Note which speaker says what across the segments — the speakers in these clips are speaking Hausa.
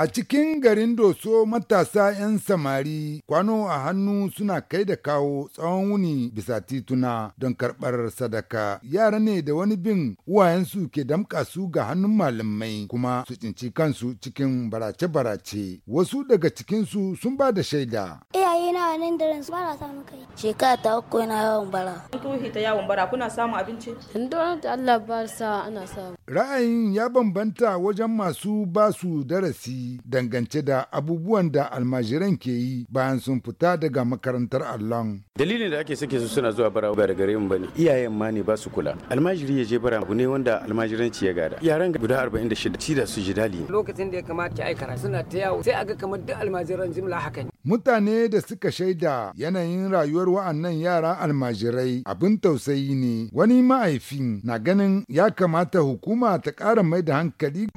Speaker 1: A cikin garin Doso matasa 'yan samari kwano a hannu suna kai da kawo tsawon wuni bisa tituna don karɓar sadaka. Yara ne da wani bin uwayensu ke damƙasu su ga hannun malamai kuma su cinci kansu cikin barace-barace. Wasu daga cikinsu sun ba da shaida.
Speaker 2: nan da daren ba bara samu kai. Shekara ta uku yana yawan bara. An tuhi ta yawon bara kuna samun abinci? In da Allah ba sa ana samu.
Speaker 1: Ra'ayin ya bambanta wajen masu ba su darasi dangance da abubuwan da almajiran ke yi bayan sun fita daga makarantar Allah.
Speaker 2: Dalilin da ake sake su suna zuwa bara ba daga mu bane. Iyayen ma ne ba su kula. Almajiri ya je bara abu ne wanda almajiranci ya gada. Yaran guda 46 ci da su jidali. Lokacin da ya kamata ki aikara suna ta yawo sai aga kamar duk almajiran jimla haka ne.
Speaker 1: Mutane da suka shaida yanayin rayuwar wa'annan yara almajirai abin tausayi ne, wani ma'aifin na ganin ya kamata hukuma ta ƙara mai da hankali.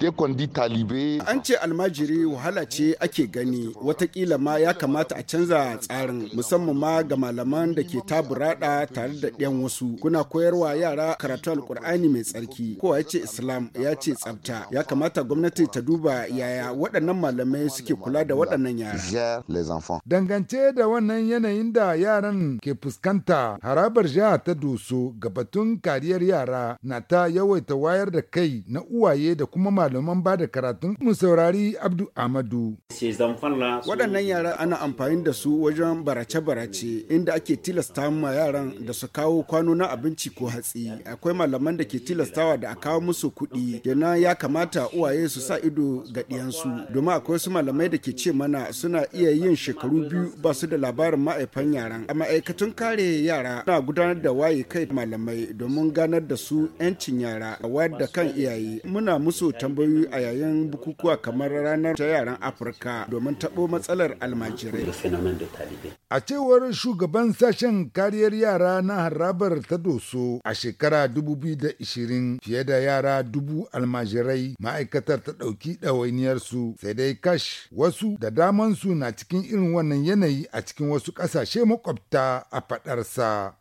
Speaker 1: An ce almajiri wahala ce ake gani,
Speaker 2: watakila ma ya kamata a canza tsarin musamman ma ga malaman da ke taburada tare da ɗan wasu. Kuna koyarwa yara karatu alkur'ani mai tsarki, kowa ya ce Islam ya ce tsabta Ya kamata gwamnati ta duba yaya waɗannan malamai suke kula da waɗannan
Speaker 1: yara. Dangance da wannan yanayin da yaran ke fuskanta harabar jiha ta doso gabatun kariyar yara na ta yawaita wayar da kai na uwaye da kuma malaman ba da karatun mu saurari Abdu Amadu.
Speaker 2: Waɗannan yara ana amfani da su wajen barace-barace inda ake tilasta ma yaran da su kawo kwano na abinci ko hatsi. Akwai malaman da ke tilastawa da a kawo musu kuɗi. Kenan ya kamata uwaye su sa ido ga ɗiyansu. Domin akwai su malamai da ke ce mana suna iya yin shi shekaru biyu ba su da labarin ma'aifan yaran a ma'aikatun kare yara na gudanar da waye kai malamai domin ganar da su 'yancin yara a wayar da kan iyaye muna musu tambayoyi a yayin bukukuwa kamar ranar ta yaran afirka domin tabo matsalar almajirai
Speaker 1: a cewar shugaban sashen kariyar yara na harabar ta doso a shekara 2020 fiye da yara dubu almajirai ma'aikatar ta ɗauki ɗawainiyarsu sai dai kash wasu da damansu na cikin irin wannan yanayi a cikin wasu ƙasashe makwabta a faɗarsa.